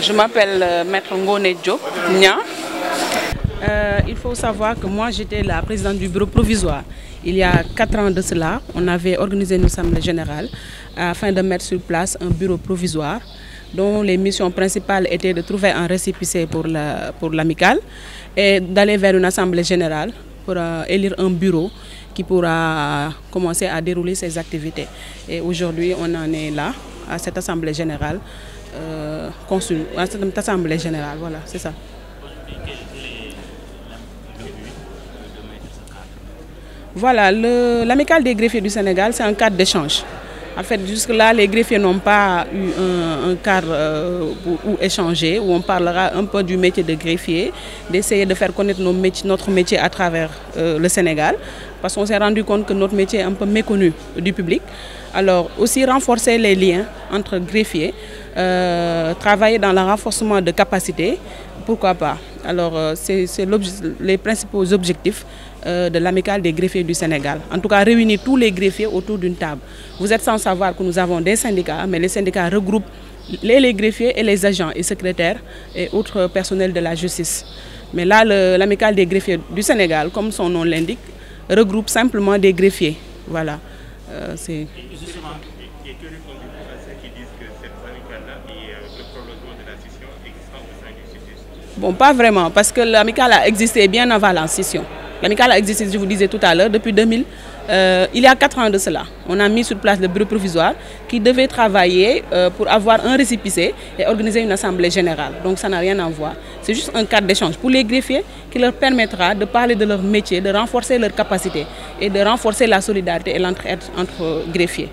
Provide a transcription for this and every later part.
je m'appelle euh, Maître Ngone Diop Nia. Euh, il faut savoir que moi j'étais la présidente du bureau provisoire. Il y a quatre ans de cela, on avait organisé une assemblée générale afin de mettre sur place un bureau provisoire dont les missions principales étaient de trouver un récépissé pour la, pour l'amicale et d'aller vers une assemblée générale pour euh, élire un bureau qui pourra commencer à dérouler ses activités. Et aujourd'hui, on en est là, à cette assemblée Euh, consul à cette assemblée générale voilà le l'amicale des greffiers du Sénégal c'est un cadre d'échange en fait jusque-là les greffiers n'ont pas eu un, un cadre euh, où, où échanger où on parlera un peu du métier de greffier d'essayer de faire connaître notre métier à travers euh, le Sénégal parce qu'on s'est rendu compte que notre métier un peu méconnu du public alors aussi renforcer les liens entre greffiers euh, travailler dans le renforcement de capacités, pourquoi pas Alors, euh, c'est les principaux objectifs euh, de l'amicale des greffiers du Sénégal. En tout cas, réunir tous les greffiers autour d'une table. Vous êtes sans savoir que nous avons des syndicats, mais les syndicats regroupent les, les greffiers et les agents et secrétaires et autres personnels de la justice. Mais là, l'amicale des greffiers du Sénégal, comme son nom l'indique, regroupe simplement des greffiers. Voilà. Euh, Bon, pas vraiment, parce que l'amicale a existé bien avant l'incision. L'amicale a existé, je vous disais tout à l'heure, depuis euh, il y a 4 ans de cela, on a mis sur place le bureau provisoire qui devait travailler euh, pour avoir un récépissé et organiser une assemblée générale. Donc ça n'a rien à voir. C'est juste un cadre d'échange pour les greffiers qui leur permettra de parler de leur métier, de renforcer leurs capacités et de renforcer la solidarité et l'entraide entre greffiers.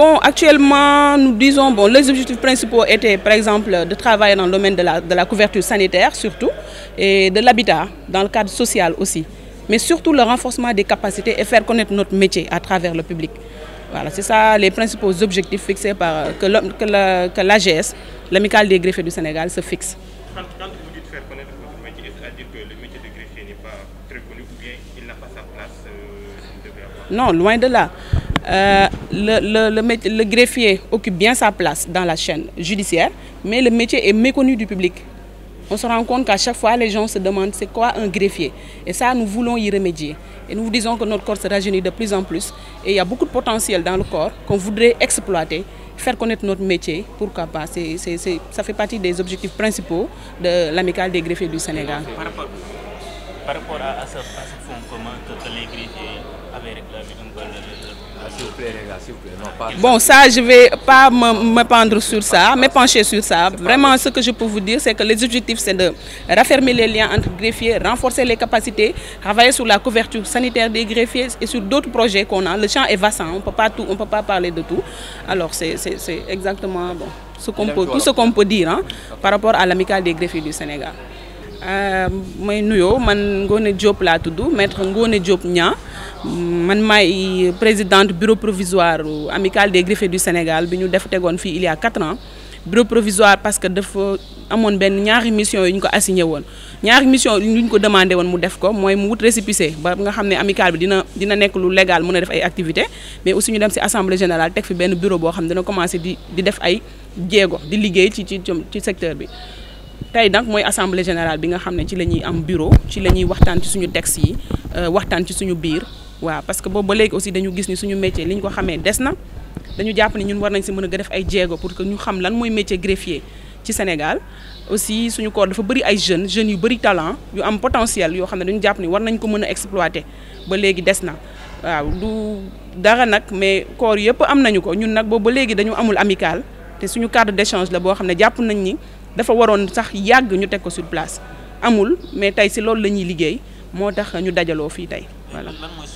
Bon, actuellement, nous disons, bon, les objectifs principaux étaient, par exemple, de travailler dans le domaine de la, de la couverture sanitaire, surtout, et de l'habitat, dans le cadre social aussi. Mais surtout le renforcement des capacités et faire connaître notre métier à travers le public. Voilà, c'est ça les principaux objectifs fixés par que l'AGS, la, l'amicale des greffés du Sénégal, se fixe. Euh, non, loin de là. Euh, le, le, le, métier, le, greffier occupe bien sa place dans la chaîne judiciaire, mais le métier est méconnu du public. On se rend compte qu'à chaque fois, les gens se demandent c'est quoi un greffier. Et ça, nous voulons y remédier. Et nous disons que notre corps se rajeunit de plus en plus. Et il y a beaucoup de potentiel dans le corps qu'on voudrait exploiter, faire connaître notre métier. Pourquoi pas c est, c est, partie des objectifs principaux de l'amicale des greffiers du Sénégal. Par Bon, ça, je ne vais pas me, me, pendre sur ça, me pencher sur ça. Vraiment, ce que je vous dire, c'est que les objectifs, c'est de raffermir les liens entre greffiers, renforcer les capacités, travailler sur la couverture sanitaire des greffiers et sur d'autres projets qu'on a. Le champ est vaste, on ne peut pas parler de tout. Alors, c'est exactement bon, ce qu'on peut, tout ce qu'on peut dire par rapport à l'amicale des greffiers du Sénégal. Euh, may nuyoo man Ngone Diop laa tudd maître ngoone Diop ñaa man maay présidente bureau provisoire amical des greffiers du Sénégal bi ñu def tegoon fii il y a quatre ans bureau provisoire parce que dafa amoon benn ñaari mission yu ñu ko assigné woon ñaari mission yu ñu ko demandé woon mu def ko mooy mu wut récépissé ba nga xam ne amical bi dina dina nekk lu légal mën a def ay activités mais aussi ñu dem ci assemblée générale teg fi benn bureau boo xam dina commencé di di def ay jéego di liggéey ci ci ci secteur bi tey nag mooy assemblée générale bi nga xam ne ci la ñuy am bureau ci la ñuy waxtaan ci suñu texte yi euh, waxtaan ci suñu biir waaw parce que boobu ba léegi aussi dañu gis ni suñu métier li ñu ko xamee des na dañu jàpp ne ñun war nañ si mën a def ay jéego pour que ñu xam lan mooy métier ci Sénégal aussi suñu corps dafa bëri ay jeunes jeunes yu bëri talent yu am potentiel yoo xam ne dañu jàpp ni war nañ ko mën a exploiter ba léegi des na waaw du dara nag mais corps yëpp am nañu ko ñun nag boobu ba léegi dañu amul amical te suñu cadre d'échange la boo xam ne jàpp nañ ni dafa waroon sax yàgg ñu teg ko sur place amul mais tey si loolu la ñuy liggéey moo tax ñu dajaloo fii tey voilà. lan mooy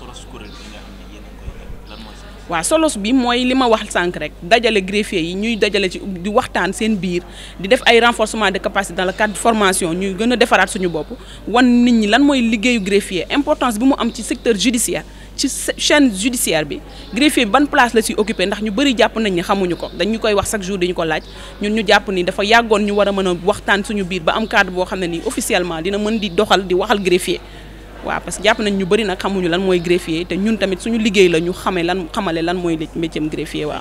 waaw solos bi mooy li ma wax sànq rek dajale greffier yi ñuy dajale ci di waxtaan seen biir di def ay renforcement de capacité dans le cadre de formation ñu gën a defaraat suñu bopp wan nit ñi lan mooy liggéeyu greffier importance bi mu am ci secteur judiciaire ci chaîne judiciaire bi greffier bi ban place la si occupé ndax ñu bëri jàpp nañ ni xamuñu ko dañ ñu koy wax chaque jour dañu ko laaj ñun ñu jàpp ni dafa yàggoon ñu war a mën a waxtaan suñu biir ba am cadre boo xam ne nii officiellement dina mën di doxal di waxal greffier waaw parce que jàpp nañ ñu bari nag xamuñu lan mooy greffier te ñun tamit suñu liggéey la ñu xamee lan xamale lan mooy métier greffier waaw.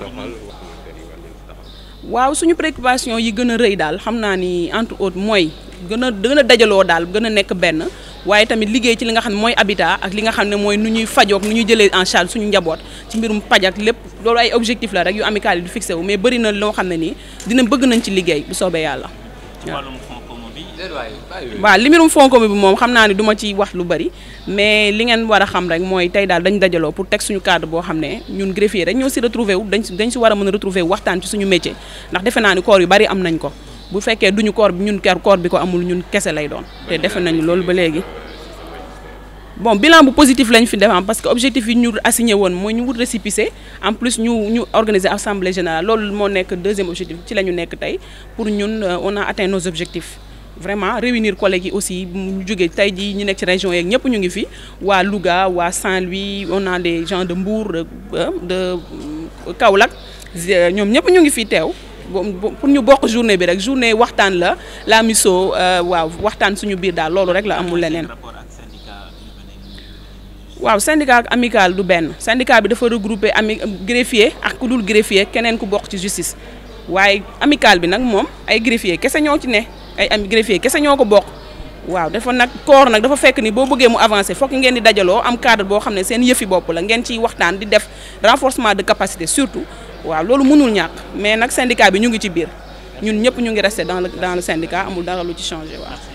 waaw suñu préoccupation yi gën a rëy daal xam naa ni entre autres mooy gën a a dajaloo daal gën a nekk benn waaye tamit liggéey ci li nga xam ne mooy habitat ak li nga xam ne mooy nu ñuy fajook nu ñuy jële en charge suñu njaboot ci mbirum paj ak lépp loolu ay objectif la rek yu amical yi du fixé wu mais bëri na loo xam ne nii dina bëgg nañ ci liggéey bu soobee waaw li mbirum fonko mi bi moom xam naa ne duma ci wax lu bari mais li ngeen war a xam rek mooy tey daal dañ dajaloo pour teg suñu cadre boo xam ne ñun greffier rek ñoo si retrouver wu dañ dañ si war a mën a retrouver wu waxtaan ci suñu métier ndax defe naa ni corps yu bari am nañ ko bu fekkee duñu corps bi ñun ker corps bi ko amul ñun kese lay doon te defe nañu loolu ba léegi bon bilan bu positif lañ fi defam ah, parce que objectif yi ñu assigné woon mooy ñu wut récépissé en plus ñu ñu organiser assemblée générale loolu moo nekk deuxième objectif ci la ñu nekk tey pour ñun euh, on a atteint vraiment réunir collègues yi aussi ñu jógee tey jii ñu nekk ci région yeeg ñëpp ñu ngi fi waa Louga waa Saint-Louis on na des gens de Mbour de euh, de euh, Kaolack euh, ñoom ñëpp ñu ngi fi teew pour ñu bokk journée bi rek journée waxtaan la la misso waaw waxtaan suñu biir daal loolu rek la amul leneen. waaw syndicat ak amical du benn syndicat bi dafa regrouper ami greffier ak ku dul greffier keneen ku bokk ci justice waaye amical bi nag moom ay greffier kese ñoo ci ne. ay am greffier kese ñoo ko bokk waaw dafa nag corps nag dafa fekk ni boo bëggee mu avancer fook ngeen di dajaloo am cadre boo xam ne seen yëfi bopp la ngeen ci waxtaan di def renforcement de capacité surtout waaw loolu mënul ñàkk mais nag syndicat bi ñu ngi ci biir ñun ñëpp ñu ngi resté dans le dans le amul dara lu ci changé waaw